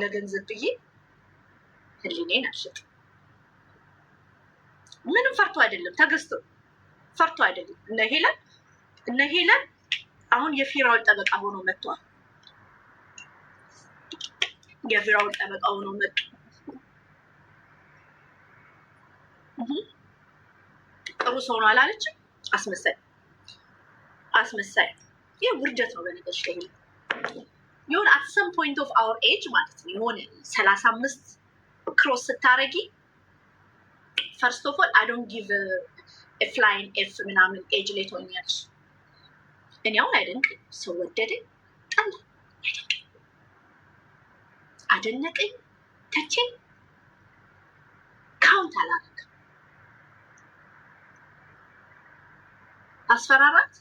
ለገንዘብ ብዬ ህሊኔን አልሸጥም። ምንም ፈርቶ አይደለም፣ ተገዝቶ ፈርቶ አይደለም። እነ ሄለን እነ ሄለን አሁን የፊራውል ጠበቃ ሆኖ መጥቷል። የፊራውል ጠበቃ ሆኖ መጡ። ጥሩ ሰው ነው አላለችም። አስመሳይ አስመሳይ። ይህ ውርደት ነው በነገሮች ላይ የሆነ አት ሰም ፖይንት ኦፍ አውር ኤጅ ማለት ነው የሆነ ሰላሳ አምስት ክሮስ ስታረጊ ፈርስት ኦፍ ኦል አዶንት ጊቭ ፍላይን ኤፍ ምናምን ኤጅ ላይ ትሆኛለሽ። እኔ አሁን አይደንቀኝ ሰው ወደደ ጠላ አደነቀኝ ተቼ ካውንት አላረግም። አስፈራራት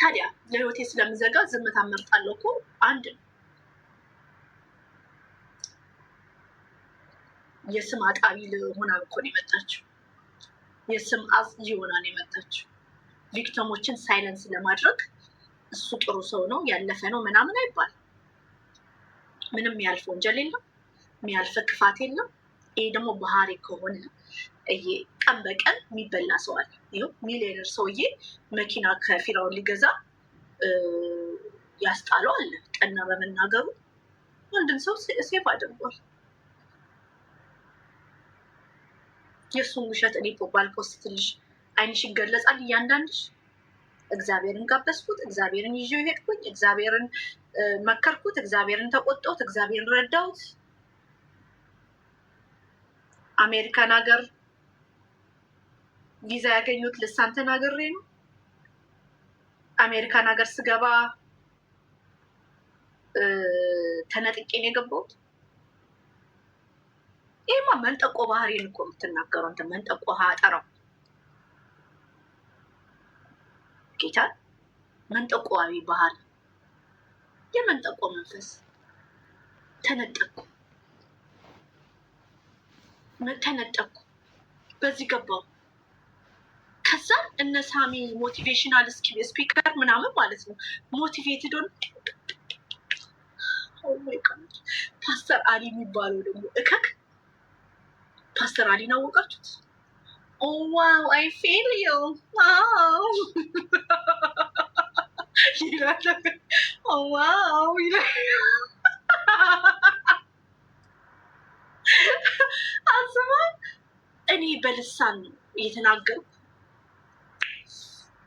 ታዲያ ለህይወቴ ስለምዘጋ ዝምታ መርጣለሁ እኮ አንድ ነው። የስም አጣቢ ሆና እኮ ነው የመጣችው። የስም አጽጂ ሆና ነው የመጣችው። ቪክቶሞችን ሳይለንስ ለማድረግ እሱ ጥሩ ሰው ነው ያለፈ ነው ምናምን አይባል። ምንም የሚያልፍ ወንጀል የለም፣ የሚያልፍ ክፋት የለም። ይሄ ደግሞ ባህሪ ከሆነ ቀን በቀን የሚበላ ሰው አለ። ይኸው ሚሊዮነር ሰውዬ መኪና ከፊራውን ሊገዛ ያስጣለው አለ። ቀና በመናገሩ አንድን ሰው ሴፍ አድርጓል። የእሱን ውሸት እኔ ባልፖስትልሽ አይንሽ ይገለጻል እያንዳንድሽ። እግዚአብሔርን ጋበዝኩት፣ እግዚአብሔርን ይዤው ሄድኩኝ፣ እግዚአብሔርን መከርኩት፣ እግዚአብሔርን ተቆጣሁት፣ እግዚአብሔርን ረዳሁት። አሜሪካን ሀገር ቪዛ ያገኙት ልሳን ተናግሬ ነው። አሜሪካን ሀገር ስገባ ተነጥቄ ነው የገባሁት። ይህማ መንጠቆ ባህሪን እኮ የምትናገረው እንትን መንጠቆ አጠራው ጌታ መንጠቆዊ ባህሪ የመንጠቆ መንፈስ ተነጠቅኩ። ተነጠቅኩ። በዚህ ገባው። ከዛ እነ ሳሚ ሞቲቬሽናል ስፒከር ምናምን ማለት ነው ሞቲቬትድ ፓስተር አሊ የሚባለው ደግሞ እከክ ፓስተር አሊ ናወቃችሁት? ዋው አይ ፌል ዩ ዋው በልሳን እየተናገርኩ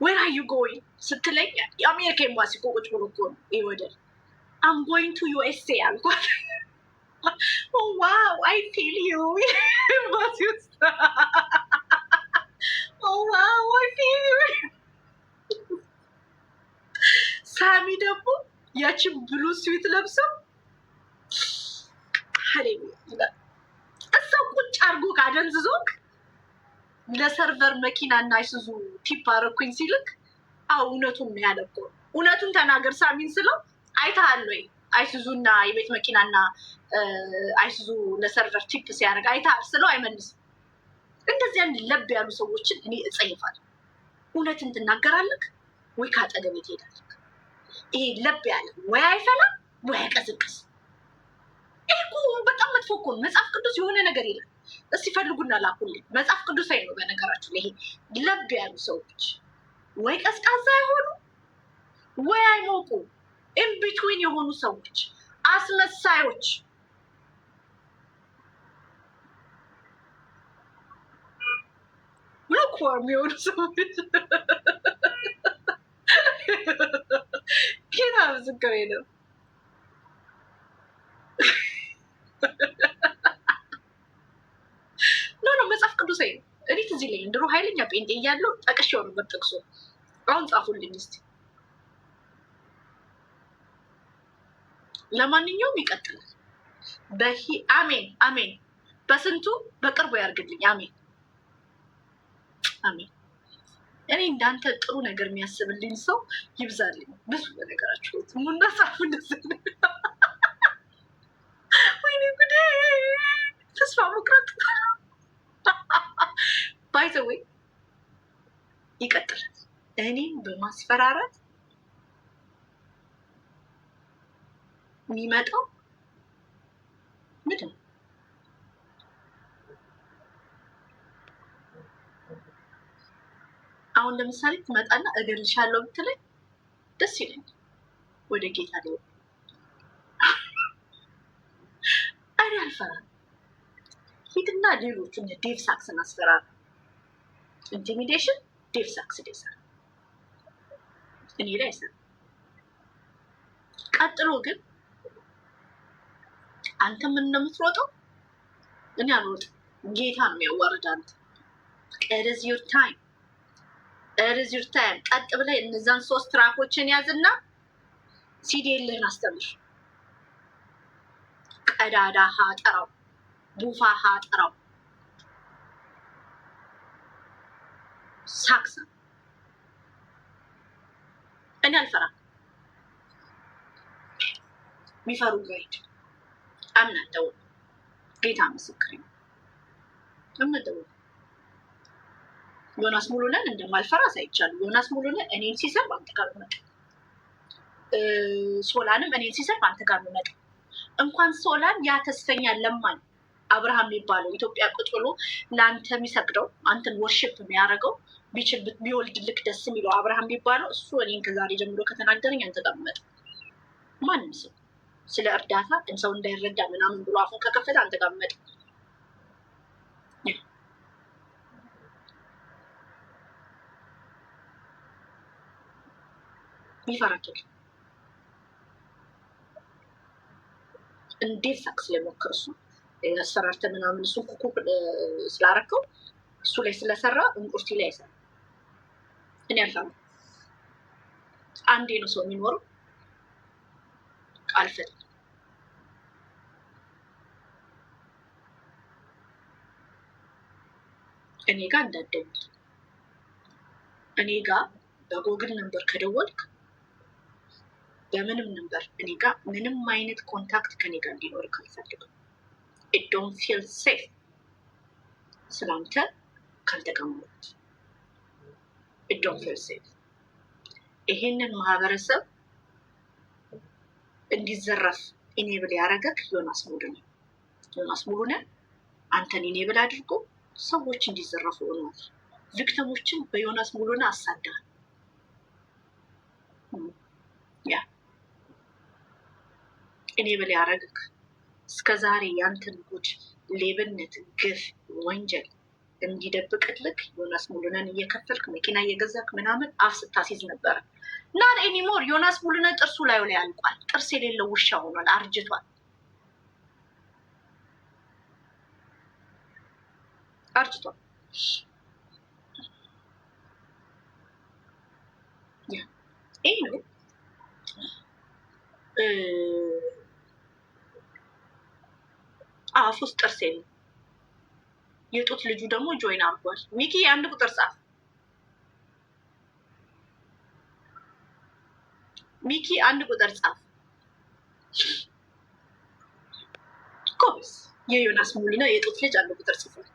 ዌር አር ዩ ጎይንግ ስትለኝ የአሜሪካ ኤምባሲ እኮ ቁጭ ብሎ እኮ ነው ይሄ ወደር አም ጎይንግ ቱ ዩኤስኤ አልኳት። ዋው አይ ፊል ዩ ኤምባሲ ውስጥ ዋው አይ ፊል ዩ ሳሚ ደግሞ ያችን ብሉ ስዊት ለብሰው ሀሌ እዛ ቁጭ አድርጎ ካደንዝዞክ ለሰርቨር መኪና እና አይሱዙ ቲፕ አረኩኝ ሲልክ፣ አዎ እውነቱን ነው ያለ እውነቱን ተናገር ሳሚን ስለው አይተሃል ወይ አይሱዙ እና የቤት መኪና እና አይሱዙ ለሰርቨር ቲፕ ሲያደርግ አይተሃል ስለው አይመልስም። እንደዚህ አንድ ለብ ያሉ ሰዎችን እኔ እጸይፋለሁ። እውነትን ትናገራለህ ወይ ከአጠገቤ ትሄዳለህ። ይሄ ለብ ያለ ወይ አይፈላም ወይ ይሄ ይህ በጣም መጥፎ እኮ ነው። መጽሐፍ ቅዱስ የሆነ ነገር ይላል እስቲ ፈልጉና ላኩልኝ። መጽሐፍ ቅዱሳዊ ነው በነገራችሁ ላይ። ይሄ ለብ ያሉ ሰዎች ወይ ቀዝቃዛ የሆኑ ወይ አይሞቁ ኢንቢትዊን የሆኑ ሰዎች፣ አስመሳዮች ልክዋርም የሆኑ ሰዎች ጌታ ምስክሬ ነው። ቅዱስ እኔ ትዝ ላይ እንድሮ ኃይለኛ ጴንጤ እያለሁ ጠቅሼው ነበር። ጠቅሶ አሁን ጻፉልኝ እስኪ። ለማንኛውም ይቀጥላል። በሂ አሜን አሜን። በስንቱ በቅርቡ ያርግልኝ። አሜን አሜን። እኔ እንዳንተ ጥሩ ነገር የሚያስብልኝ ሰው ይብዛልኝ። ብዙ በነገራችሁ ሙና ጻፉ ወይኔ ጉዴ ተስፋ መቁረጥ ስዊ ይቀጥላል። እኔም በማስፈራራት የሚመጣው ምንድን አሁን ለምሳሌ ትመጣና እገልሻለሁ ብትለኝ ደስ ይለኝ። ወደ ጌታ ደ እኔ አልፈራም። ሂድና ሌሎቹ ዴቭ ሳክስን አስፈራራ ኢንቲሚዴሽን ዴቭ ሳክስ እኔ ላይ ሰ ቀጥሎ ግን አንተ ምን እንደምትሮጠው እኔ አልሮጥም። ጌታ ነው የሚያዋርድ አንተ ቀደዝ ዩር ታይም ቀደዝ ዩር ታይም። ቀጥ ብላይ እነዛን ሶስት ትራኮችን ያዝና ሲዲ የለህን አስተምር። ቀዳዳ ሀጠራው ቡፋ ሀጠራው ሳቅሳ እኔ አልፈራም። የሚፈሩ ዛይድ አምናለው። ጌታ ምስክር ነው። አምናለው። ዮናስ ሙሉነን እንደማልፈራ ሳይቻሉ ዮናስ ሙሉነን እኔን ሲሰርብ አንተ ጋር ነው መጣ። ሶላንም እኔን ሲሰርብ አንተ ጋር ነው መጣ። እንኳን ሶላን ያ ተስፈኛ ለማን አብርሃም የሚባለው ኢትዮጵያ ቁጭ ብሎ ለአንተ የሚሰግደው አንተን ወርሽፕ የሚያደርገው ቢችል ቢወልድልክ ደስ የሚለው አብርሃም የሚባለው እሱ እኔን ከዛሬ ጀምሮ ከተናገረኝ አንተጠመጥ ማንም ሰው ስለ እርዳታ ሰው እንዳይረዳ ምናምን ብሎ አፉን ከከፈተ አንተጠመጥ ይፈራቸዋል። እንዴት ሳቅ ስለሞከር እሱ አሰራርተ ምናምን እሱን ኩኩ ስላረከው እሱ ላይ ስለሰራ እንቁርቲ ላይ አይሰራ እኔ አልፈራ። አንዴ ነው ሰው የሚኖረው። አልፈራ። እኔ ጋር እንዳትደውል። እኔ ጋር በጎግል ነንበር ከደወልክ በምንም ነንበር እኔ ጋር ምንም አይነት ኮንታክት ከኔ ጋር እንዲኖር አልፈልግም። ኢት ዶንት ፊል ሴፍ ስላንተ ካልተቀመጡት እዶን ሴት ይሄንን ማህበረሰብ እንዲዘረፍ ኢኔብል ያደረገክ ዮናስ ሙሉ ነው። ዮናስ ሙሉ ነህ። አንተን ኢኔብል አድርጎ ሰዎች እንዲዘረፉ ሆኗል። ቪክተሞችን በዮናስ ሙሉ ነህ አሳዳል። ያ ኢኔብል ያደረገክ እስከዛሬ ያንተን ጉድ፣ ሌብነት፣ ግፍ፣ ወንጀል እንዲደብቅልክ ዮናስ ሙሉነን እየከፈልክ መኪና እየገዛክ ምናምን አፍ ስታሲዝ ነበረ። እና ኤኒሞር ዮናስ ሙሉነ ጥርሱ ላዩ ላይ አልቋል። ጥርስ የሌለው ውሻ ሆኗል፣ አርጅቷል። አርጅቷል። ይህ ነው አፍ ውስጥ ጥርስ የለው የጡት ልጁ ደግሞ ጆይን አድርጓል። ሚኪ አንድ ቁጥር ጻፍ። ሚኪ አንድ ቁጥር ጻፍ። ኮስ የዮናስ ሙሊና የጡት ልጅ አንድ ቁጥር ጽፏል።